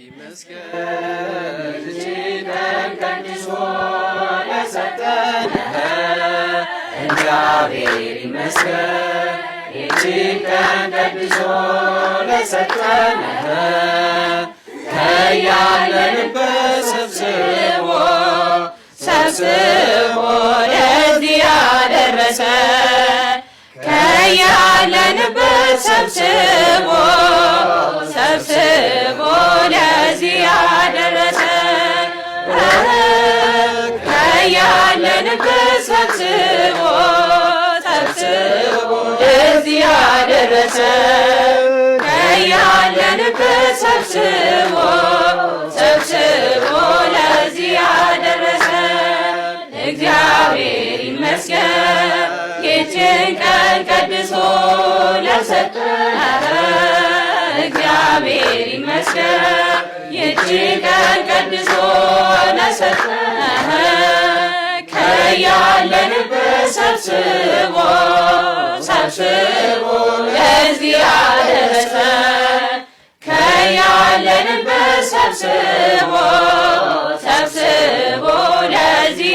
ይመስገን እጅነን ይህችን ቀን ቀድሶ ለሰጠን ከያለንበት ሰብስቦ ሰብስቦ ለዚህ ያደረሰ ከያለንበት ሰብስቦ ሰብስቦ ለዚህ ያደረሰ ከያለንበት ሰብስቦ ለዚህ ያደረሰ ከያለንበት ሰብስቦ በመስቀል ይችን ቀን ቀድሶ እግዚአብሔር ይመስገን። ይችን ቀን ቀድሶ ከያለንበት ሰብስቦ ሰብስቦ ለዚህ ከያለንበት ሰብስቦ ሰብስቦ ለዚህ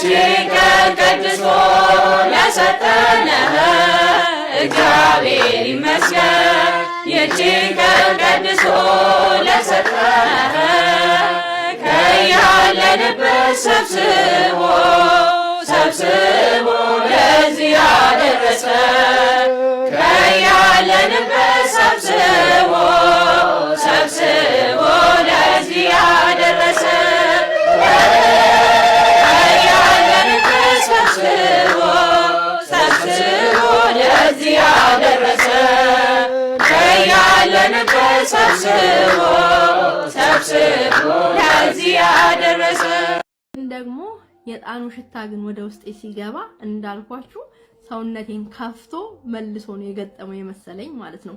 ይህችን ቀን ቀድሶ ለሰጠነ እግዚአብሔር ይመስገን። ይህችን ቀን ቀድሶ ለሰጠነ ከያለንበት ሰብስቦ ሰብስቦ ለዚህ ያደረሰ ከያለንበት ሰብስቦ ሰብስቦ ለዚህ ያደረሰ ሰብስቦ ሰብስቦ ለዚህ ደግሞ የጣኑ ሽታ ግን ወደ ውስጤ ሲገባ እንዳልኳችሁ ሰውነቴን ከፍቶ መልሶ ነው የገጠመው የመሰለኝ ማለት ነው።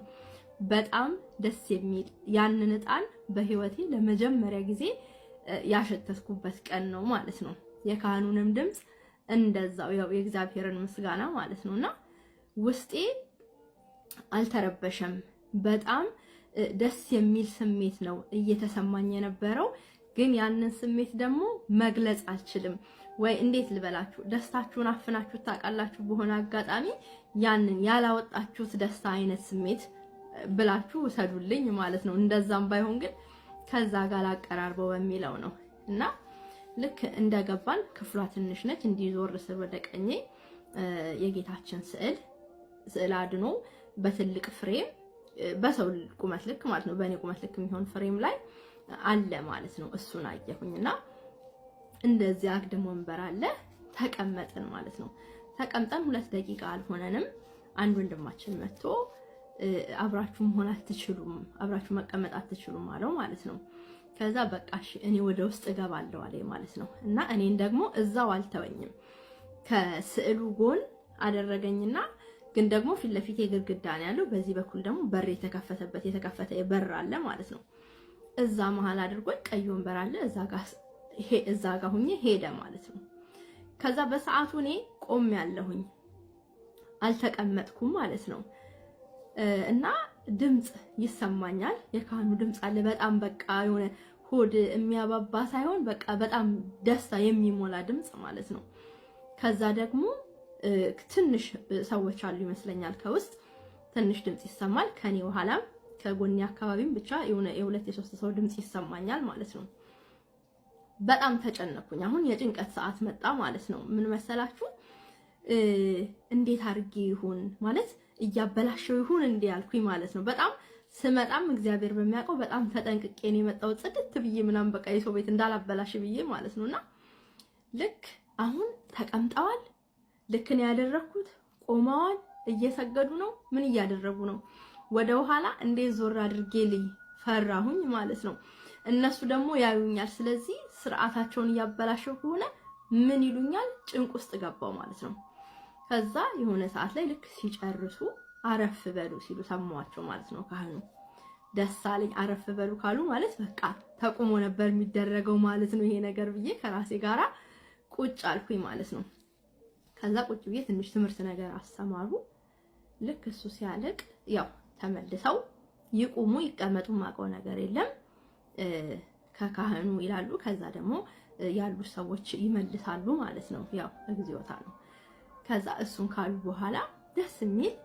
በጣም ደስ የሚል ያንን እጣን በህይወቴ ለመጀመሪያ ጊዜ ያሸተትኩበት ቀን ነው ማለት ነው። የካህኑንም ድምፅ እንደዛው ያው የእግዚአብሔርን ምስጋና ማለት ነውና ውስጤ አልተረበሸም በጣም ደስ የሚል ስሜት ነው እየተሰማኝ የነበረው። ግን ያንን ስሜት ደግሞ መግለጽ አልችልም ወይ እንዴት ልበላችሁ፣ ደስታችሁን አፍናችሁ ታውቃላችሁ? በሆነ አጋጣሚ ያንን ያላወጣችሁት ደስታ አይነት ስሜት ብላችሁ ውሰዱልኝ ማለት ነው። እንደዛም ባይሆን ግን ከዛ ጋር አቀራርበው በሚለው ነው እና ልክ እንደገባን ክፍሏ ትንሽ ነች። እንዲዞር ስል ወደ ቀኜ የጌታችን ስዕል ስዕል አድኖ በትልቅ ፍሬም በሰው ቁመት ልክ ማለት ነው። በእኔ ቁመት ልክ የሚሆን ፍሬም ላይ አለ ማለት ነው። እሱን አየሁኝ እና እንደዚህ አግድም ወንበር አለ ተቀመጥን ማለት ነው። ተቀምጠን ሁለት ደቂቃ አልሆነንም አንድ ወንድማችን መጥቶ አብራችሁ መሆን አትችሉም፣ አብራችሁ መቀመጥ አትችሉም አለው ማለት ነው። ከዛ በቃ እሺ እኔ ወደ ውስጥ እገባለሁ አለ ማለት ነው። እና እኔን ደግሞ እዛው አልተወኝም ከስዕሉ ጎን አደረገኝና ግን ደግሞ ፊት ለፊቴ ግድግዳ ነው ያለው። በዚህ በኩል ደግሞ በር የተከፈተበት የተከፈተ በር አለ ማለት ነው። እዛ መሀል አድርጎኝ ቀይ ወንበር አለ። እዛ ጋር እዛ ሁኜ ሄደ ማለት ነው። ከዛ በሰዓቱ እኔ ቆም ያለሁኝ አልተቀመጥኩም ማለት ነው። እና ድምፅ ይሰማኛል። የካህኑ ድምፅ አለ። በጣም በቃ የሆነ ሆድ የሚያባባ ሳይሆን በቃ በጣም ደስታ የሚሞላ ድምፅ ማለት ነው። ከዛ ደግሞ ትንሽ ሰዎች አሉ ይመስለኛል። ከውስጥ ትንሽ ድምፅ ይሰማል። ከኔ በኋላም ከጎኔ አካባቢም ብቻ የሆነ የሁለት የሶስት ሰው ድምፅ ይሰማኛል ማለት ነው። በጣም ተጨነኩኝ። አሁን የጭንቀት ሰዓት መጣ ማለት ነው። ምን መሰላችሁ? እንዴት አድርጌ ይሁን ማለት እያበላሸው ይሁን እንዲህ አልኩኝ ማለት ነው። በጣም ስመጣም እግዚአብሔር በሚያውቀው በጣም ተጠንቅቄ ነው የመጣው ጽድት ብዬ ምናምን በቃ የሰው ቤት እንዳላበላሽ ብዬ ማለት ነው። እና ልክ አሁን ተቀምጠዋል ልክ ነው ያደረኩት? ቆመዋል፣ እየሰገዱ ነው። ምን እያደረጉ ነው? ወደ ኋላ እንዴት ዞር አድርጌ ልይ ፈራሁኝ ማለት ነው። እነሱ ደግሞ ያዩኛል። ስለዚህ ስርዓታቸውን እያበላሸው ከሆነ ምን ይሉኛል? ጭንቅ ውስጥ ገባው ማለት ነው። ከዛ የሆነ ሰዓት ላይ ልክ ሲጨርሱ አረፍ በሉ ሲሉ ሰማዋቸው ማለት ነው። ካህኑ ደስ አለኝ። አረፍ በሉ ካሉ ማለት በቃ ተቆሞ ነበር የሚደረገው ማለት ነው ይሄ ነገር ብዬ ከራሴ ጋራ ቁጭ አልኩኝ ማለት ነው። ከዛ ቁጭ ብዬ ትንሽ ትምህርት ነገር አስተማሩ። ልክ እሱ ሲያልቅ ያው ተመልሰው ይቁሙ ይቀመጡ፣ ማውቀው ነገር የለም ከካህኑ ይላሉ። ከዛ ደግሞ ያሉ ሰዎች ይመልሳሉ ማለት ነው። ያው እግዚኦታ ነው። ከዛ እሱን ካሉ በኋላ ደስ የሚል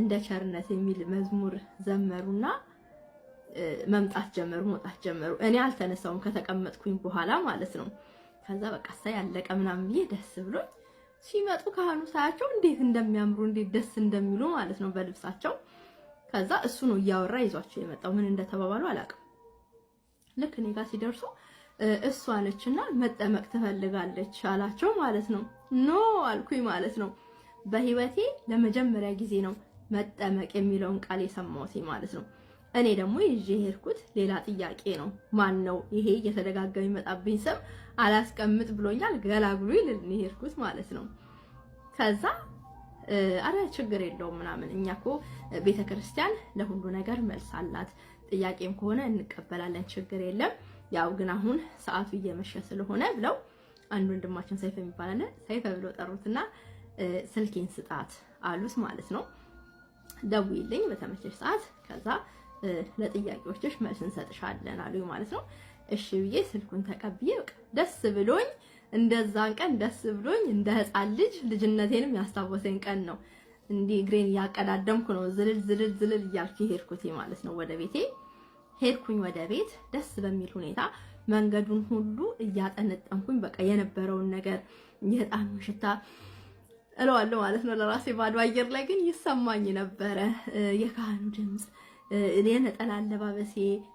እንደ ቸርነት የሚል መዝሙር ዘመሩና መምጣት ጀመሩ፣ መውጣት ጀመሩ። እኔ አልተነሳውም ከተቀመጥኩኝ በኋላ ማለት ነው። ከዛ በቃ ያለቀ ምናምን ብዬ ደስ ብሎኝ ሲመጡ ካህኑ ሳያቸው እንዴት እንደሚያምሩ እንዴት ደስ እንደሚሉ ማለት ነው በልብሳቸው። ከዛ እሱ ነው እያወራ ይዟቸው የመጣው ምን እንደተባባሉ አላውቅም። ልክ እኔ ጋር ሲደርሱ እሱ አለችና መጠመቅ ትፈልጋለች አላቸው ማለት ነው። ኖ አልኩኝ ማለት ነው። በህይወቴ ለመጀመሪያ ጊዜ ነው መጠመቅ የሚለውን ቃል የሰማሁት ማለት ነው። እኔ ደግሞ ይዤ የሄድኩት ሌላ ጥያቄ ነው። ማን ነው ይሄ እየተደጋገመ የሚመጣብኝ ስም አላስቀምጥ ብሎኛል፣ ገላግሉ ይልል የሄድኩት ማለት ነው። ከዛ አረ ችግር የለውም ምናምን፣ እኛ እኮ ቤተ ክርስቲያን ለሁሉ ነገር መልስ አላት፣ ጥያቄም ከሆነ እንቀበላለን፣ ችግር የለም። ያው ግን አሁን ሰዓቱ እየመሸ ስለሆነ ብለው አንድ ወንድማችን ሰይፈ የሚባላለ አለ፣ ብሎ ጠሩትና ስልኬን ስጣት አሉት ማለት ነው። ደውይልኝ በተመቸሽ ሰዓት ከዛ ለጥያቄዎችሽ መልስ እንሰጥሻለን አሉኝ ማለት ነው። እሺ ብዬ ስልኩን ተቀብዬ ደስ ብሎኝ እንደዛን ቀን ደስ ብሎኝ እንደ ህፃን ልጅ ልጅነቴንም ያስታወሰኝ ቀን ነው። እንዲህ እግሬን እያቀዳደምኩ ነው ዝልል ዝልል ዝልል እያልኩ ሄድኩት ማለት ነው ወደ ቤቴ ሄድኩኝ ወደ ቤት ደስ በሚል ሁኔታ መንገዱን ሁሉ እያጠነጠንኩኝ በቃ የነበረውን ነገር የዕጣኑ ሽታ እለዋለሁ ማለት ነው ለራሴ ባዶ አየር ላይ ግን ይሰማኝ ነበረ የካህኑ ድምፅ እኔ ነጠላ አለባበሴ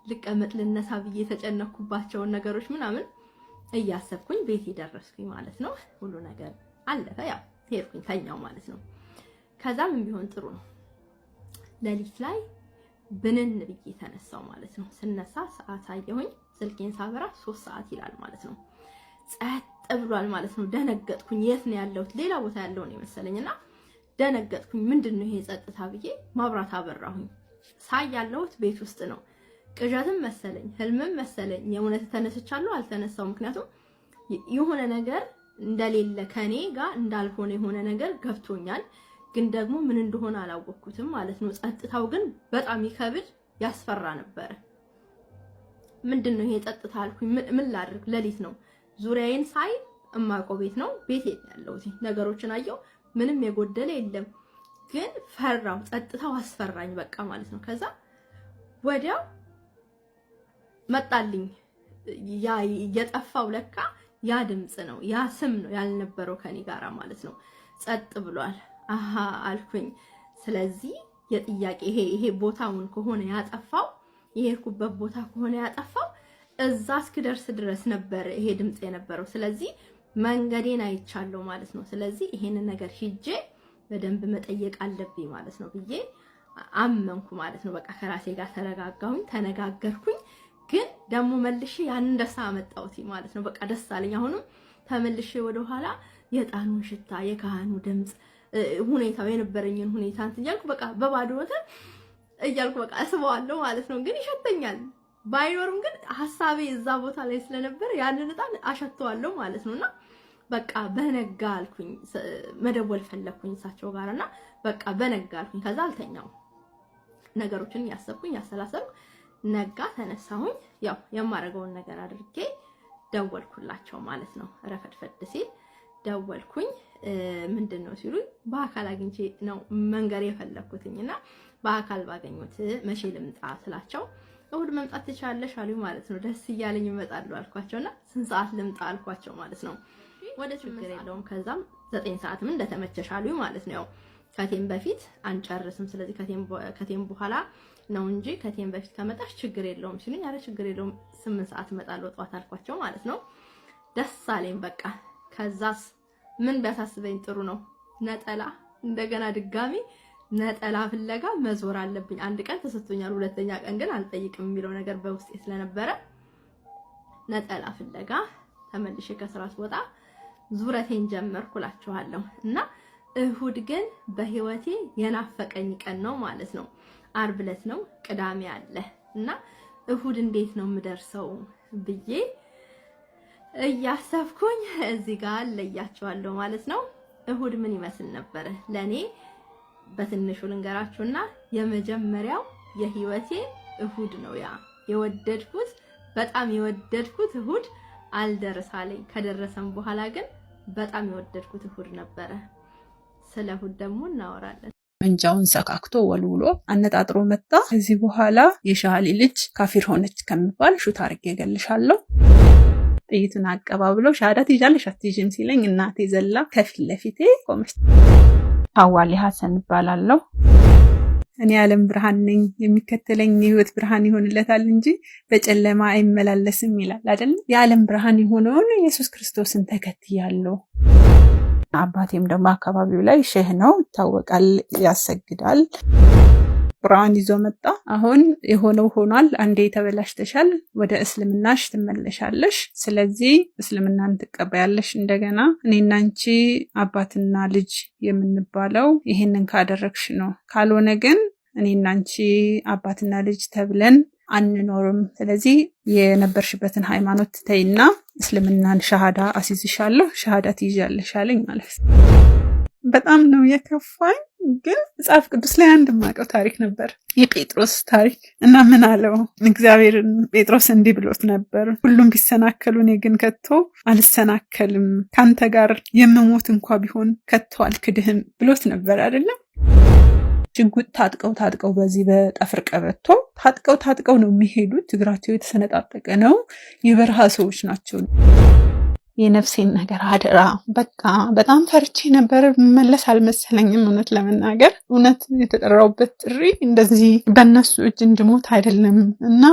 ልቀመጥ ልነሳ ብዬ የተጨነኩባቸውን ነገሮች ምናምን እያሰብኩኝ ቤት የደረስኩኝ ማለት ነው። ሁሉ ነገር አለፈ። ያው ሄድኩኝ ተኛው ማለት ነው። ከዛም ቢሆን ጥሩ ነው። ሌሊት ላይ ብንን ብዬ ተነሳው ማለት ነው። ስነሳ ሰዓት አየሁኝ። ስልኬን ሳበራ ሶስት ሰዓት ይላል ማለት ነው። ጸጥ ብሏል ማለት ነው። ደነገጥኩኝ። የት ነው ያለሁት? ሌላ ቦታ ያለውን የመሰለኝና ደነገጥኩኝ። ምንድን ነው ይሄ ጸጥታ ብዬ ማብራት አበራሁኝ። ሳይ ያለሁት ቤት ውስጥ ነው። ቅዠትም መሰለኝ ህልምም መሰለኝ የእውነት ተነስቻለሁ አልተነሳው። ምክንያቱም የሆነ ነገር እንደሌለ ከኔ ጋር እንዳልሆነ የሆነ ነገር ገብቶኛል፣ ግን ደግሞ ምን እንደሆነ አላወቅኩትም ማለት ነው። ጸጥታው ግን በጣም ይከብድ ያስፈራ ነበረ። ምንድን ነው ይሄ ጸጥታ አልኩኝ። ምን ላድርግ? ሌሊት ነው። ዙሪያዬን ሳይ እማቆ ቤት ነው ቤት ያለሁት ነገሮችን አየው። ምንም የጎደለ የለም። ግን ፈራው። ጸጥታው አስፈራኝ በቃ ማለት ነው። ከዛ ወዲያው መጣልኝ ያ የጠፋው ለካ ያ ድምፅ ነው ያ ስም ነው ያልነበረው ከኔ ጋራ ማለት ነው። ጸጥ ብሏል። አሃ አልኩኝ። ስለዚህ የጥያቄ ይሄ ይሄ ቦታውን ከሆነ ያጠፋው የሄድኩበት ቦታ ከሆነ ያጠፋው እዛ እስክደርስ ድረስ ነበር ይሄ ድምፅ የነበረው። ስለዚህ መንገዴን አይቻለሁ ማለት ነው። ስለዚህ ይሄንን ነገር ሂጄ በደንብ መጠየቅ አለብኝ ማለት ነው ብዬ አመንኩ ማለት ነው። በቃ ከራሴ ጋር ተረጋጋሁኝ፣ ተነጋገርኩኝ። ግን ደግሞ መልሼ ያንን ደስታ አመጣሁት ማለት ነው። በቃ ደስ አለኝ። አሁንም ተመልሼ ወደኋላ የዕጣኑን ሽታ፣ የካህኑ ድምፅ፣ ሁኔታው የነበረኝን ሁኔታ እንትን እያልኩ በቃ በባዶ ወተን እያልኩ በቃ እስበዋለሁ ማለት ነው። ግን ይሸተኛል ባይኖርም ግን ሀሳቤ እዛ ቦታ ላይ ስለነበር ያንን ዕጣን አሸተዋለሁ ማለት ነው እና በቃ በነጋ አልኩኝ። መደወል ፈለግኩኝ እሳቸው ጋር እና በቃ በነጋ አልኩኝ። ከዛ አልተኛው ነገሮችን ያሰብኩኝ ያሰላሰብኩ ነጋ ተነሳሁኝ። ያው የማደርገውን ነገር አድርጌ ደወልኩላቸው ማለት ነው። ረፈድፈድ ሲል ደወልኩኝ። ምንድን ነው ሲሉ በአካል አግኝቼ ነው መንገር የፈለግኩትኝ እና በአካል ባገኙት መቼ ልምጣ ስላቸው እሁድ መምጣት ትችላለሽ አሉኝ ማለት ነው። ደስ እያለኝ ይመጣሉ አልኳቸው እና ስንት ሰዓት ልምጣ አልኳቸው ማለት ነው። ወደ ችግር የለውም። ከዛም ዘጠኝ ሰዓትም እንደተመቸሽ ማለት ነው። ከቴም በፊት አንጨርስም። ስለዚህ ከቴም በኋላ ነው እንጂ ከቴም በፊት ከመጣሽ ችግር የለውም ሲሉኝ፣ ኧረ ችግር የለውም ስምንት ሰዓት እመጣለሁ ጠዋት አልኳቸው ማለት ነው። ደስ አለኝ በቃ። ከዛስ ምን ቢያሳስበኝ ጥሩ ነው ነጠላ እንደገና ድጋሚ ነጠላ ፍለጋ መዞር አለብኝ። አንድ ቀን ተሰጥቶኛል፣ ሁለተኛ ቀን ግን አልጠይቅም የሚለው ነገር በውስጤ ስለነበረ ነጠላ ፍለጋ ተመልሼ ከስራ ስወጣ ዙረቴን ጀመርኩላችኋለሁ እና እሁድ ግን በህይወቴ የናፈቀኝ ቀን ነው ማለት ነው። አርብ ዕለት ነው፣ ቅዳሜ አለ እና እሁድ እንዴት ነው የምደርሰው ብዬ እያሰብኩኝ እዚህ ጋር ለያችኋለሁ ማለት ነው። እሁድ ምን ይመስል ነበረ ለእኔ በትንሹ ልንገራችሁና የመጀመሪያው የህይወቴ እሁድ ነው። ያ የወደድኩት በጣም የወደድኩት እሁድ አልደረሳለኝ። ከደረሰም በኋላ ግን በጣም የወደድኩት እሑድ ነበረ። ስለ እሑድ ደግሞ እናወራለን። መንጃውን ሰካክቶ ወልውሎ አነጣጥሮ መጣ። ከዚህ በኋላ የሻሊ ልጅ ካፊር ሆነች ከሚባል ሹት አርጌ እገልሻለሁ። ጥይቱን አቀባብለው ሻዳ ትይዣለሽ አትይዥም ሲለኝ እናቴ ዘላ ከፊት ለፊቴ ቆመች። አዋሌ ሀሰን እባላለሁ። እኔ ዓለም ብርሃን ነኝ፣ የሚከተለኝ የህይወት ብርሃን ይሆንለታል እንጂ በጨለማ አይመላለስም ይላል አይደለም። የዓለም ብርሃን የሆነውን ኢየሱስ ክርስቶስን ተከትያለሁ። አባቴም ደግሞ አካባቢው ላይ ሼህ ነው ይታወቃል፣ ያሰግዳል። ቁርአን ይዞ መጣ። አሁን የሆነው ሆኗል። አንዴ ተበላሽተሻል፣ ወደ እስልምናሽ ትመለሻለሽ። ስለዚህ እስልምናን ትቀበያለሽ። እንደገና እኔና አንቺ አባትና ልጅ የምንባለው ይሄንን ካደረግሽ ነው። ካልሆነ ግን እኔና አንቺ አባትና ልጅ ተብለን አንኖርም። ስለዚህ የነበርሽበትን ሃይማኖት ተይና እስልምናን ሻሃዳ አስይዝሻለሁ፣ ሻሃዳ ትይዣለሽ አለኝ ማለት ነው። በጣም ነው የከፋኝ። ግን መጽሐፍ ቅዱስ ላይ አንድ የማውቀው ታሪክ ነበር፣ የጴጥሮስ ታሪክ እና ምን አለው እግዚአብሔርን ጴጥሮስ እንዲህ ብሎት ነበር፣ ሁሉም ቢሰናከሉ እኔ ግን ከቶ አልሰናከልም፣ ከአንተ ጋር የምሞት እንኳ ቢሆን ከቶ አልክድህም ብሎት ነበር አይደለም። ሽጉጥ ታጥቀው ታጥቀው በዚህ በጠፍር ቀበቶ ታጥቀው ታጥቀው ነው የሚሄዱት። እግራቸው የተሰነጣጠቀ ነው። የበረሃ ሰዎች ናቸው። የነፍሴን ነገር አደራ። በቃ በጣም ፈርቼ ነበር፣ መለስ አልመሰለኝም። እውነት ለመናገር እውነት የተጠራውበት ጥሪ እንደዚህ በእነሱ እጅ እንድሞት አይደለም እና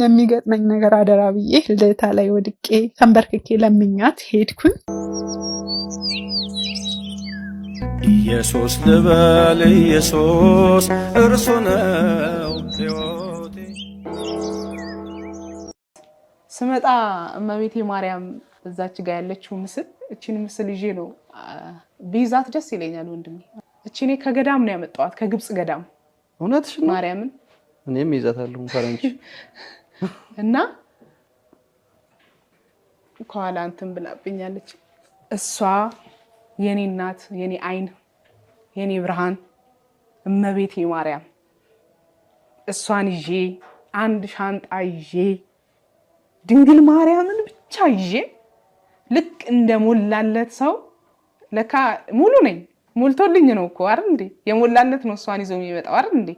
ለሚገጥመኝ ነገር አደራ ብዬ ልደታ ላይ ወድቄ ተንበርክኬ ለምኛት ሄድኩኝ። ኢየሱስ ልበል ኢየሱስ እርሱ ነው ስመጣ እመቤቴ ማርያም እዛች ጋ ያለችው ምስል እችን ምስል ይዤ ነው ብይዛት ደስ ይለኛል ወንድሜ። እቺ እኔ ከገዳም ነው ያመጣኋት ከግብፅ ገዳም። እውነትሽ ማርያምን እኔም ይዛታለሁ ፈረንጅ እና ከኋላ እንትን ብላብኛለች። እሷ የኔ እናት፣ የኔ አይን፣ የኔ ብርሃን እመቤቴ ማርያም እሷን ይዤ አንድ ሻንጣ ይዤ ድንግል ማርያምን ብቻ ይዤ ልክ እንደሞላለት ሰው ለካ ሙሉ ነኝ ሞልቶልኝ ነው እኮ አይደል እንዴ? የሞላለት ነው እሷን ይዞ የሚመጣው አይደል እንዴ?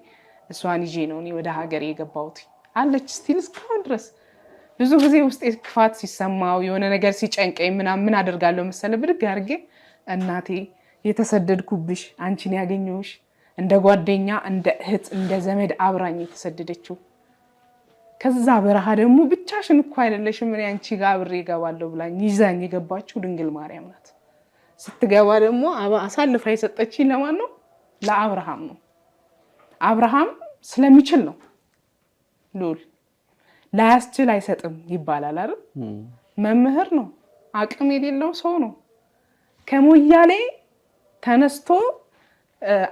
እሷን ይዤ ነው እኔ ወደ ሀገር የገባሁት አለች። ስቲል እስካሁን ድረስ ብዙ ጊዜ ውስጤ ክፋት ሲሰማው የሆነ ነገር ሲጨንቀኝ ምናምን ምን አደርጋለሁ መሰለ ብድግ አድርጌ እናቴ የተሰደድኩብሽ አንቺን ያገኘሁሽ እንደ ጓደኛ፣ እንደ እህት፣ እንደ ዘመድ አብራኝ የተሰደደችው ከዛ በረሃ ደግሞ ብቻሽን እኮ አይደለሽም እኔ አንቺ ጋር አብሬ እገባለሁ ብላኝ ይዛኝ የገባችው ድንግል ማርያም ናት። ስትገባ ደግሞ አሳልፋ የሰጠችኝ ለማን ነው? ለአብርሃም ነው። አብርሃም ስለሚችል ነው። ሉል ላያስችል አይሰጥም ይባላል አይደል? መምህር ነው። አቅም የሌለው ሰው ነው። ከሞያሌ ተነስቶ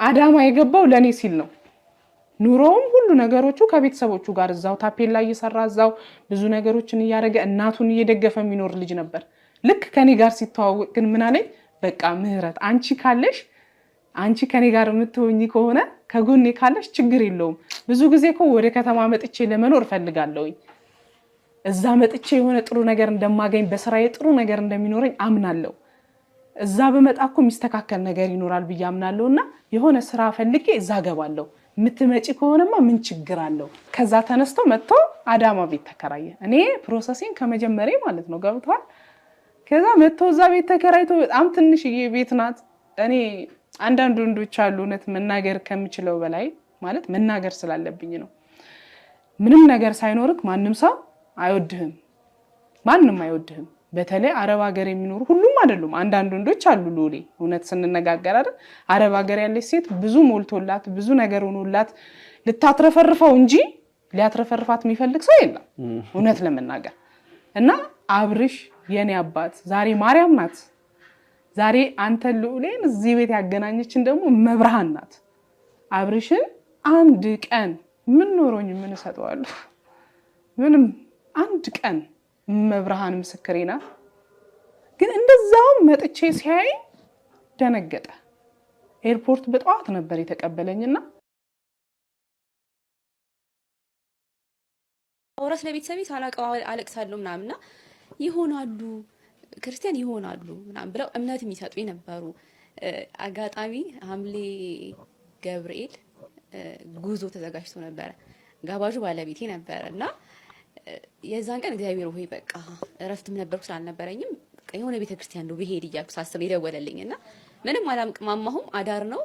አዳማ የገባው ለእኔ ሲል ነው። ኑሮውም ሁሉ ነገሮቹ ከቤተሰቦቹ ጋር እዛው ታፔላ እየሰራ እዛው ብዙ ነገሮችን እያደረገ እናቱን እየደገፈ የሚኖር ልጅ ነበር። ልክ ከኔ ጋር ሲተዋወቅ ግን ምን አለኝ፣ በቃ ምህረት፣ አንቺ ካለሽ አንቺ ከኔ ጋር የምትሆኝ ከሆነ ከጎኔ ካለሽ ችግር የለውም። ብዙ ጊዜ እኮ ወደ ከተማ መጥቼ ለመኖር እፈልጋለሁኝ። እዛ መጥቼ የሆነ ጥሩ ነገር እንደማገኝ በስራዬ ጥሩ ነገር እንደሚኖረኝ አምናለሁ። እዛ በመጣ እኮ የሚስተካከል ነገር ይኖራል ብዬ አምናለሁ እና የሆነ ስራ ፈልጌ እዛ ገባለሁ የምትመጪ ከሆነማ ምን ችግር አለው? ከዛ ተነስቶ መጥቶ አዳማ ቤት ተከራየ። እኔ ፕሮሰሲንግ ከመጀመሪያ ማለት ነው ገብቷል። ከዛ መጥቶ እዛ ቤት ተከራይቶ በጣም ትንሽዬ ቤት ናት። እኔ አንዳንድ ወንዶች አሉ እውነት መናገር ከምችለው በላይ ማለት መናገር ስላለብኝ ነው። ምንም ነገር ሳይኖርክ ማንም ሰው አይወድህም፣ ማንም አይወድህም። በተለይ አረብ ሀገር የሚኖሩ ሁሉም አይደሉም፣ አንዳንድ ወንዶች አሉ። ሎሌ እውነት ስንነጋገር አይደል አረብ ሀገር ያለች ሴት ብዙ ሞልቶላት ብዙ ነገር ሆኖላት ልታትረፈርፈው እንጂ ሊያትረፈርፋት የሚፈልግ ሰው የለም እውነት ለመናገር እና አብርሽ የኔ አባት ዛሬ ማርያም ናት። ዛሬ አንተ ልዑሌን እዚህ ቤት ያገናኘችን ደግሞ መብርሃን ናት። አብርሽን አንድ ቀን ምን ኖሮኝ ምን እሰጠዋለሁ? ምንም አንድ ቀን መብርሃን ምስክሬ ናት። ግን እንደዛውም መጥቼ ሲያይ ደነገጠ። ኤርፖርት በጠዋት ነበር የተቀበለኝና አውራት ለቤተሰቤ ሳላውቀው አለቅሳለሁ ምናምንና ይሆናሉ ክርስቲያን ይሆናሉ ምናምን ብለው እምነት የሚሰጡ የነበሩ አጋጣሚ ሐምሌ ገብርኤል ጉዞ ተዘጋጅቶ ነበረ። ጋባዡ ባለቤቴ ነበረ እና የዛን ቀን እግዚአብሔር ሆይ በቃ እረፍትም ነበርኩ ስላልነበረኝም የሆነ ቤተ ክርስቲያን ነው ብሄድ እያልኩ ሳስብ የደወለልኝ እና ምንም አላምቅም። አማሁም አዳር ነው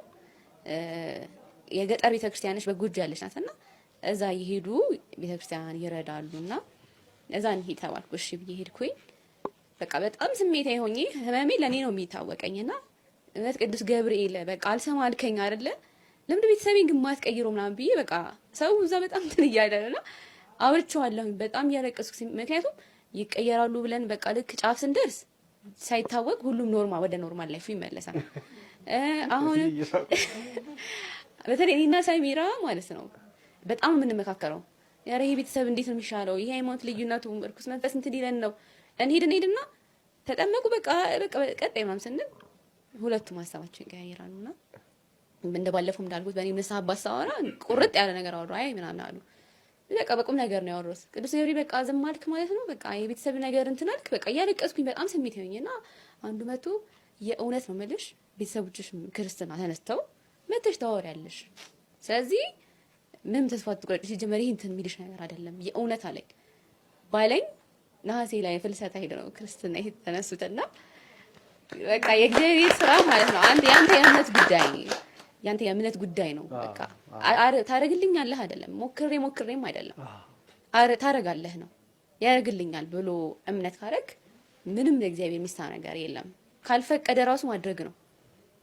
የገጠር ቤተ ክርስቲያንች በጎጆ ያለች ናት እና እዛ የሄዱ ቤተ ክርስቲያን ይረዳሉ እና እዛ እንሂድ ተባልኩ። እሺ ብዬ ሄድኩኝ። በቃ በጣም ስሜታዊ ሆኜ ህመሜ ለእኔ ነው የሚታወቀኝ እና እውነት ቅዱስ ገብርኤል በቃ አልሰማ አልከኝ አደለ ለምድ ቤተሰቤን ግን ማትቀይሮ ምናምን ብዬ በቃ ሰው እዛ በጣም እንትን እያለ እና አውርቼዋለሁኝ በጣም እያለቀስኩ ምክንያቱም ይቀየራሉ ብለን በቃ ልክ ጫፍ ስንደርስ ሳይታወቅ ሁሉም ኖርማል ወደ ኖርማል ላይፉ ይመለሳል። አሁን በተለይ እኔና ሳሚራ ማለት ነው በጣም የምንመካከረው ኧረ ይሄ ቤተሰብ እንዴት ነው የሚሻለው? ይሄ ሃይማኖት ልዩነቱ እርኩስ መንፈስ እንትን ይለን ነው እንሂድ እንሂድና ተጠመቁ በቃ በቃ ቀጣይ ምናምን ስንል ሁለቱም ሀሳባችን ይቀያየራሉና እንደ ባለፈው እንዳልኩት በእኔ ንስሐ አባት ሳወራ ቁርጥ ያለ ነገር አወራ አይ ምናምን አሉ። በቃ በቁም ነገር ነው ያወሩት። ቅዱስ ገብሪ በቃ ዝም አልክ ማለት ነው። በቃ የቤተሰብ ነገር እንትን አልክ። በቃ እያለቀስኩኝ በጣም ስሜት ሆኜና አንዱ መቶ የእውነት ነው የምልሽ ቤተሰቦችሽ ክርስትና ተነስተው መተሽ ታወሪያለሽ። ስለዚህ ምንም ተስፋ አትቁረጭ። ሲጀመር ይህ እንትን የሚልሽ ነገር አይደለም። የእውነት አለኝ ባለኝ ነሐሴ ላይ ፍልሰታ ሄደ ነው ክርስትና ይሄ ተነሱትና በቃ የእግዚአብሔር ስራ ማለት ነው። አንድ የአንተ የእምነት ጉዳይ ያንተ የእምነት ጉዳይ ነው። በቃ ታረግልኛለህ አይደለም፣ ሞክሬ ሞክሬም አይደለም ታረጋለህ ነው። ያደርግልኛል ብሎ እምነት ካደረግ ምንም ለእግዚአብሔር የሚሳ ነገር የለም። ካልፈቀደ ራሱ ማድረግ ነው።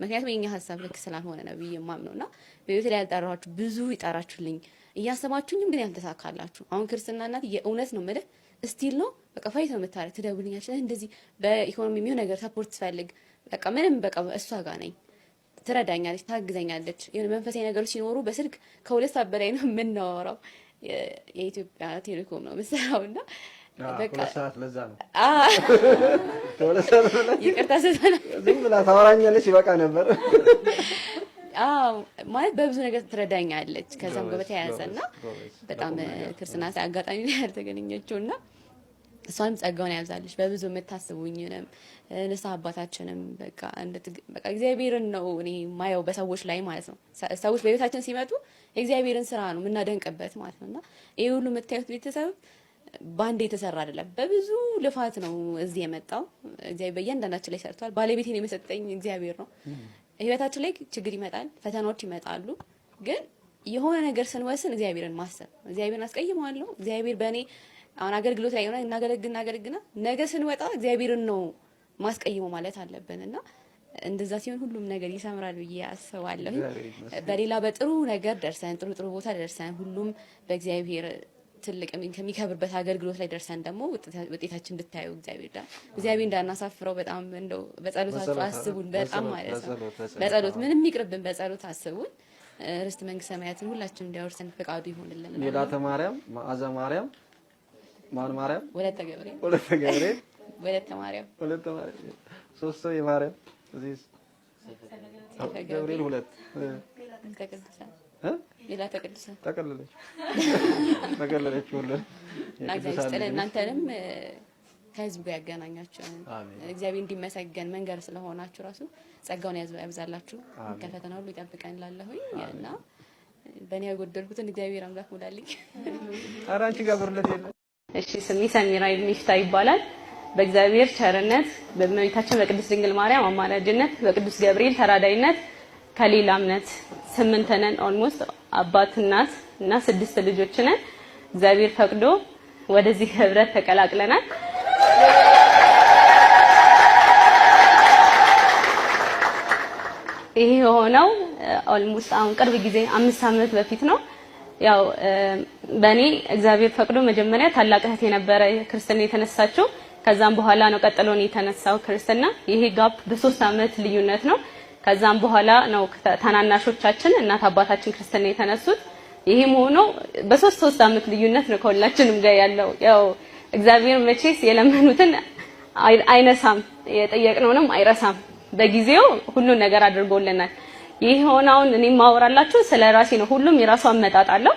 ምክንያቱም የኛ ሀሳብ ልክ ስላልሆነ ነው ብዬ የማምነው እና በቤት ላይ ያልጠራችሁ ብዙ ይጠራችሁልኝ እያሰባችሁኝም ግን ያልተሳካላችሁ። አሁን ክርስትና እናት የእውነት ነው የምልህ እስቲል ነው በቃ ፋይት ነው የምታደርግ ትደውልኛለች። እንደዚህ በኢኮኖሚ የሚሆን ነገር ሰፖርት ትፈልግ በቃ ምንም በቃ እሷ ጋር ነኝ ትረዳኛለች፣ ታግዘኛለች። የሆነ መንፈሳዊ ነገሮች ሲኖሩ በስልክ ከሁለት ሰዓት በላይ ነው የምናወራው። የኢትዮጵያ ቴሌኮም ነው የምሰራው እና ይቅርታ ስዘና ታወራኛለች፣ ይበቃ ነበር ማለት በብዙ ነገር ትረዳኛለች። ከዛም ጋር በተያያዘ እና በጣም ክርስትና አጋጣሚ ላይ ያልተገኘችው እና እሷም ጸጋውን ያብዛልሽ በብዙ የምታስቡኝንም ንስሐ አባታችንም በቃ እግዚአብሔርን ነው እኔ ማየው በሰዎች ላይ ማለት ነው። ሰዎች በቤታችን ሲመጡ የእግዚአብሔርን ስራ ነው የምናደንቅበት ማለት ነው። እና ይህ ሁሉ የምታዩት ቤተሰብ በአንድ የተሰራ አይደለም። በብዙ ልፋት ነው እዚህ የመጣው። እግዚአብሔር በእያንዳንዳችን ላይ ሰርቷል። ባለቤቴን የመሰጠኝ እግዚአብሔር ነው። ህይወታችን ላይ ችግር ይመጣል፣ ፈተናዎች ይመጣሉ። ግን የሆነ ነገር ስንወስን እግዚአብሔርን ማሰብ እግዚአብሔርን አስቀይመዋለሁ እግዚአብሔር በእኔ አሁን አገልግሎት ላይ ሆነ እናገለግልና እናገለግልና ነገ ስንወጣ እግዚአብሔርን ነው ማስቀይሞ ማለት አለብን እና እንደዛ ሲሆን ሁሉም ነገር ይሰምራል ብዬ አስባለሁ። በሌላ በጥሩ ነገር ደርሰን ጥሩ ጥሩ ቦታ ደርሰን ሁሉም በእግዚአብሔር ትልቅ ከሚከብርበት አገልግሎት ላይ ደርሰን ደግሞ ውጤታችን እንድታዩ እግዚአብሔር ዳ እግዚአብሔር እንዳናሳፍረው በጣም እንደው በጸሎታችሁ አስቡን። በጣም ማለት ነው በጸሎት ምንም ይቅርብን፣ በጸሎት አስቡን። ርስት መንግስት ሰማያትን ሁላችን እንዲያወርሰን ፈቃዱ ይሆንልን። ሜላተ ማርያም፣ መዓዛ ማርያም ማን ማርያም ወለተ ገብርኤል ወለተ ገብርኤል ወለተ ማርያም ወለተ ማርያም ሶስት ሰው የማርያም እዚህ ገብርኤል ሁለት ሌላ ተቀድሰን ተቀለለች ተቀለለች ሁሉ እናንተንም ከህዝብ ጋር ያገናኛቸው እግዚአብሔር እንዲመሰገን መንገድ ስለሆናችሁ ራሱ ጸጋውን ያብዛላችሁ፣ ከፈተና ሁሉ ይጠብቀን። ላለሁኝ እና በእኔ ያጎደልኩትን እግዚአብሔር አምላክ ሙላልኝ። አራንቺ ጋር ብርለት የለም። እሺ ስሜ ሰሚራ ሚፍታ ይባላል። በእግዚአብሔር ቸርነት በእመቤታችን በቅድስት ድንግል ማርያም አማላጅነት በቅዱስ ገብርኤል ተራዳይነት ከሌላ እምነት ስምንት ነን። ኦልሞስት አባት እናት እና ስድስት ልጆች ነን። እግዚአብሔር ፈቅዶ ወደዚህ ህብረት ተቀላቅለናል። ይሄ የሆነው ኦልሞስት አሁን ቅርብ ጊዜ አምስት ዓመት በፊት ነው። ያው በእኔ እግዚአብሔር ፈቅዶ መጀመሪያ ታላቅ እህቴ የነበረ ክርስትና የተነሳችው። ከዛም በኋላ ነው ቀጥሎ የተነሳው ክርስትና። ይሄ ጋፕ በሶስት አመት ልዩነት ነው። ከዛም በኋላ ነው ታናናሾቻችን እናት አባታችን ክርስትና የተነሱት። ይሄም ሆኖ በሶስት ሶስት አመት ልዩነት ነው ከሁላችንም ጋር ያለው። ያው እግዚአብሔር መቼስ የለመኑትን አይነሳም፣ የጠየቅነውንም አይረሳም። በጊዜው ሁሉን ነገር አድርጎልናል። ይህ ሆናውን እኔ ማወራላችሁ ስለ ራሴ ነው። ሁሉም የራሱ አመጣጥ አለው።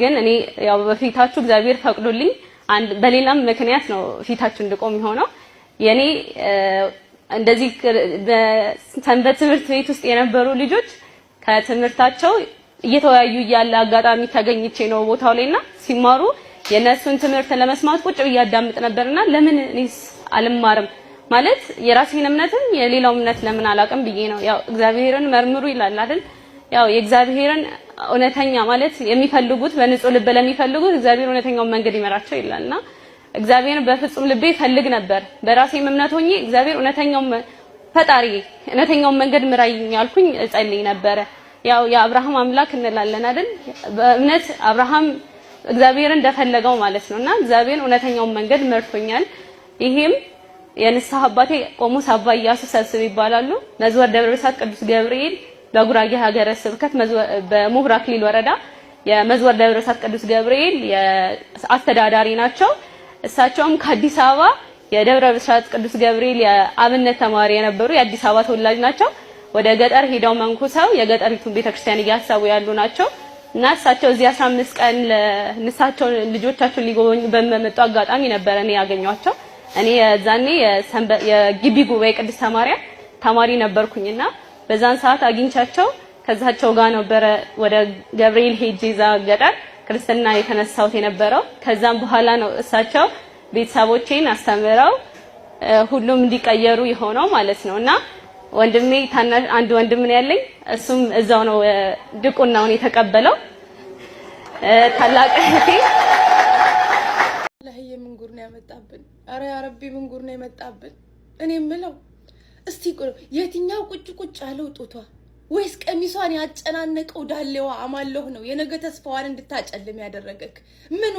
ግን እኔ ያው በፊታችሁ እግዚአብሔር ፈቅዶልኝ አንድ በሌላም ምክንያት ነው ፊታችሁ እንድቆም የሆነው የኔ እንደዚህ ሰንበት ትምህርት ቤት ውስጥ የነበሩ ልጆች ከትምህርታቸው እየተወያዩ እያለ አጋጣሚ ተገኝቼ ነው ቦታው ላይና ሲማሩ የነሱን ትምህርት ለመስማት ቁጭ ብዬ አዳምጥ ነበርና ለምን እኔስ አልማርም ማለት የራሴን እምነትም የሌላው እምነት ለምን አላውቅም ብዬ ነው። ያው እግዚአብሔርን መርምሩ ይላል አይደል? ያው የእግዚአብሔርን እውነተኛ ማለት የሚፈልጉት በንጹህ ልብ ለሚፈልጉት እግዚአብሔር እውነተኛውን መንገድ ይመራቸው ይላልና እግዚአብሔርን በፍጹም ልቤ ፈልግ ነበር። በራሴም እምነት ሆኜ እግዚአብሔር እውነተኛው ፈጣሪ እውነተኛውን መንገድ ምራይኝ ያልኩኝ እጸልይ ነበረ። ያው የአብርሃም አምላክ እንላለን አይደል? በእምነት አብርሃም እግዚአብሔርን እንደፈለገው ማለት ነውና እግዚአብሔር እውነተኛውን መንገድ መርቶኛል። ይሄም የንስሐ አባቴ ቆሞስ አባ እያሱ ሰብስብ ይባላሉ። መዝወር ደብረ ብሳት ቅዱስ ገብርኤል በጉራጌ ሀገረ ስብከት በምሁር አክሊል ወረዳ የመዝወር ደብረ ብርሳት ቅዱስ ገብርኤል አስተዳዳሪ ናቸው። እሳቸውም ከአዲስ አበባ የደብረ ቅዱስ ገብርኤል የአብነት ተማሪ የነበሩ የአዲስ አበባ ተወላጅ ናቸው። ወደ ገጠር ሄደው መንኩሰው የገጠሪቱን ቤተክርስቲያን እያሰቡ ያሉ ናቸው እና እሳቸው እዚህ 15 ቀን ለንሳቸው ልጆቻቸውን ሊጎበኙ በመመጡ አጋጣሚ ነበረ እኔ እኔ የዛኔ የግቢ ጉባኤ ቅድስተ ማርያም ተማሪ ነበርኩኝና በዛን ሰዓት አግኝቻቸው ከዛቸው ጋር ነበረ ወደ ገብርኤል ሄጄ እዛ ገጠር ክርስትና የተነሳሁት የነበረው። ከዛም በኋላ ነው እሳቸው ቤተሰቦቼን አስተምረው ሁሉም እንዲቀየሩ የሆነው ማለት ነው። እና ወንድሜ ታናሽ አንድ ወንድም ነው ያለኝ። እሱም እዛው ነው ድቁናውን የተቀበለው ታላቅ አረ ያረቢ ምን ጉር ነው የመጣብን? እኔ ምለው እስቲ የትኛው ቁጭ ቁጭ ያለው ጡቷ ወይስ ቀሚሷን ያጨናነቀው ዳሌዋ አማለሁ ነው የነገ ተስፋዋን እንድታጨልም ያደረገክ ምኗ?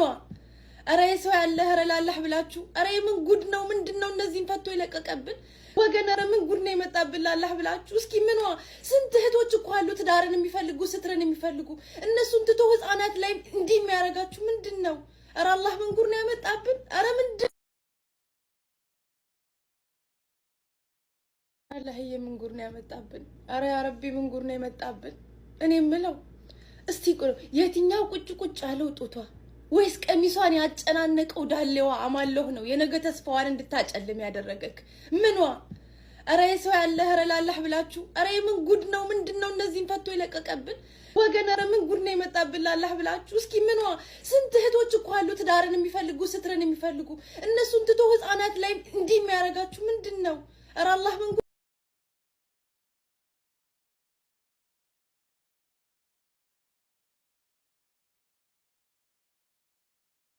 አረ የሰው ያለ ረ ላላህ ብላችሁ አረ የምን ጉድ ነው ምንድን ነው እነዚህን ፈቶ የለቀቀብን ወገን? አረ ምን ጉድ ነው የመጣብን ላላህ ብላችሁ እስኪ ምኗ? ስንት እህቶች እኮ አሉ ትዳርን የሚፈልጉ ስትርን የሚፈልጉ እነሱን ትቶ ህፃናት ላይ እንዲህ የሚያደርጋችሁ ምንድን ነው? አረ አላህ ምን ጉድ ነው ያመጣብን? ወላሂ የምንጉር ነው ያመጣብን። አረ ያረቢ ምንጉር ነው የመጣብን። እኔ ምለው እስቲ የትኛው ቁጭ ቁጭ አለው ጡቷ ወይስ ቀሚሷን ያጨናነቀው ዳሌዋ አማለሁ ነው የነገ ተስፋዋን እንድታጨልም ያደረገክ ምኗ? ኧረ የሰው ያለ ኧረ ላላህ ብላችሁ ኧረ የምን ጉድ ነው? ምንድን ነው እነዚህን ፈቶ የለቀቀብን ወገን? ኧረ ምን ጉድ ነው የመጣብን? ላላህ ብላችሁ እስኪ ምኗ? ስንት እህቶች እኮ አሉ ትዳርን የሚፈልጉ ስትርን የሚፈልጉ እነሱን ትቶ ህፃናት ላይ እንዲህ የሚያደርጋችሁ ምንድን ነው? ኧረ አላህ ምን